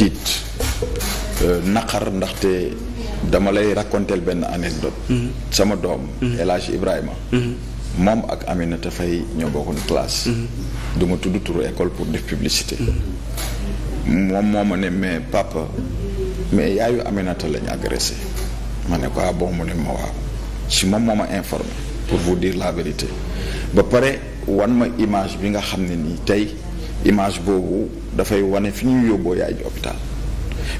tiit euh, naqar ndaxte dama lay raconter benn anecdote mm-hmm. sama doom mm-hmm. El Hadj Ibrahima mm-hmm. moom ak Aminata Faye ñoo bokkoon classe du ma tudd turu école pour def publicité moom moo ma ne mais papa mais yaayu Aminata lañ agressé ma ne ko ah bon mu ne ma waaw si moom moo ma informé pour vous dire la vérité ba pare wan ma image bi nga xam ne nii tey image boobu dafay wane fi ñuy yóbboo yaay ji hôpital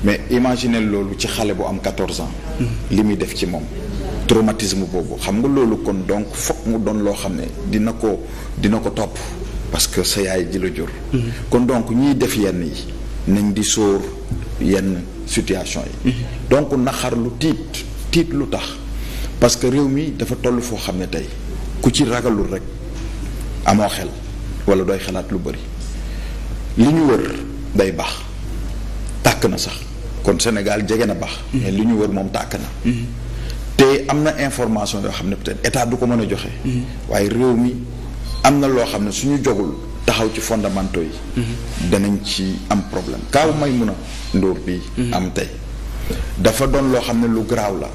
mais imaginer loolu ci xale bu am 14 ans. Mm-hmm. li muy def ci moom. traumatisme boobu xam nga loolu kon donc foog mu doon loo xam ne dina ko dina ko topp parce que sa yaay ji la jur. Mm-hmm. kon donc ñuy def yenn yi nañ di sóor yenn situation yi. Mm-hmm. donc naxar lu tiit tiit lu tax parce que réew mi dafa toll foo xam ne tey ku ci ragalul rek amoo xel walla dooy xalaat lu bari. li ñu wër day baax tàkk na sax kon Sénégal jege na baax. Mm-hmm. mais li ñu wër moom tàkk na. Mm-hmm. te am na information yoo xam ne peut-être état du ko mën a joxe. Mm-hmm. waaye réew mi am na loo xam ne suñu jogul taxaw ci fondamentaux yi. danañ ci am problème kaaw may mun a ndóor bi am tey dafa doon loo xam ne lu garaaw la.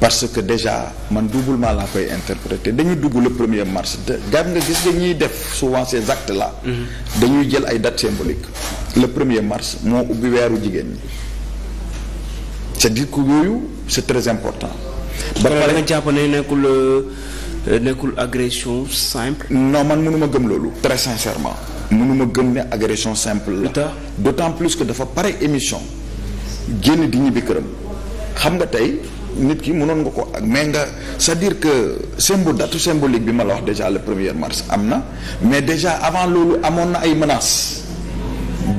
parce que déjà man doublement laa koy interpréter dañu dugg la premier mars te gàm nga gis nga ñuy def souvent ces actes là mm-hmm. dañuy jël ay dates symboliques le premier mars moo ubbi weeru jigéen ñi c'est-à-dire yooyu c'est très important ba pare nga jàpp ne nekkul euh, nekkul agression simple non man mënuma gëm loolu très sincèrement mënuma gëm ne agression simple la d'autant plus que dafa pare émission génn di ñibbi këram xam nga tey nit ki mënoon nga ko ak mais nga c'est-à-dire que symbole datu symbolique bi ma la wax déjà le première mars am na mais déjà avant loolu amoon na ay menaces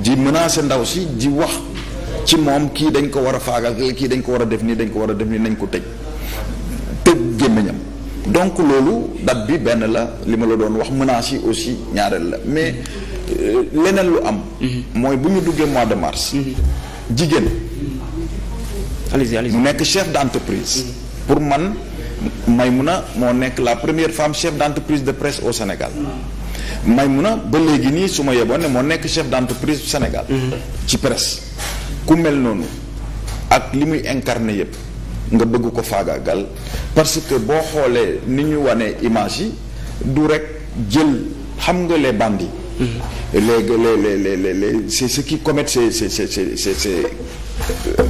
di menacer ndaw si di wax ci moom kii dañ ko war a faagal kii dañ ko war a def nii dañ ko war a def nii nañ ko tëj tëj gémmiñam donc loolu date bi benn la li ma la doon wax menaces yi aussi ñaareel la mais euh, leneen lu am. Mhm. mooy bu ñu duggee mois de mars. Mhm. jigéen. allez-y allez-y mu nekk chef d'entreprise. Mm-hmm. pour man Maïmouna moo nekk la première femme chef d'entreprise de presse au Sénégal. Mm-hmm. Maïmouna ba léegi nii su ma yeboon ne moo nekk chef d'entreprise Sénégal. Mm-hmm. ci presse ku mel noonu ak li muy incarné yépp nga bëgg ko faagaagal parce que boo xoolee ni ñu wane image yi du rek jël xam nga les bandits. les les les les les c'est ceux qui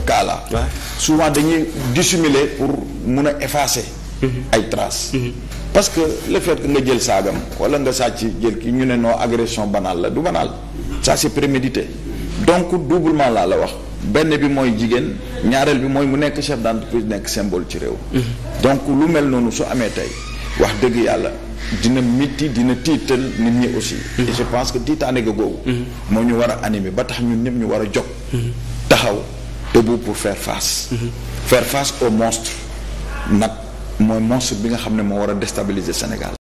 cas là souvent dañuy dissimuler pour mun a efface mhm. ay traces mhm. parce que le fait que nga jël saagam wala nga sàcc jël ki ñu ne noo agression banale la du banal ça c'est prémédité donc doublement laa la wax benn bi mooy jigéen ñaareel bi mooy mu nekk chef d'entreprise nekk symbole ci réew mhm. donc lu mel noonu su amee tey wax dëgg yàlla dina métti dina tiital nit ñi aussi et je pense que tiitaane ga googu moo ñu war a animer ba tax ñu ñëpp ñu war a jóg taxaw debout pour fair face. Mm-hmm. faire face au monstre nag mooy monstre bi nga xam ne moo war a déstabiliser Sénégal.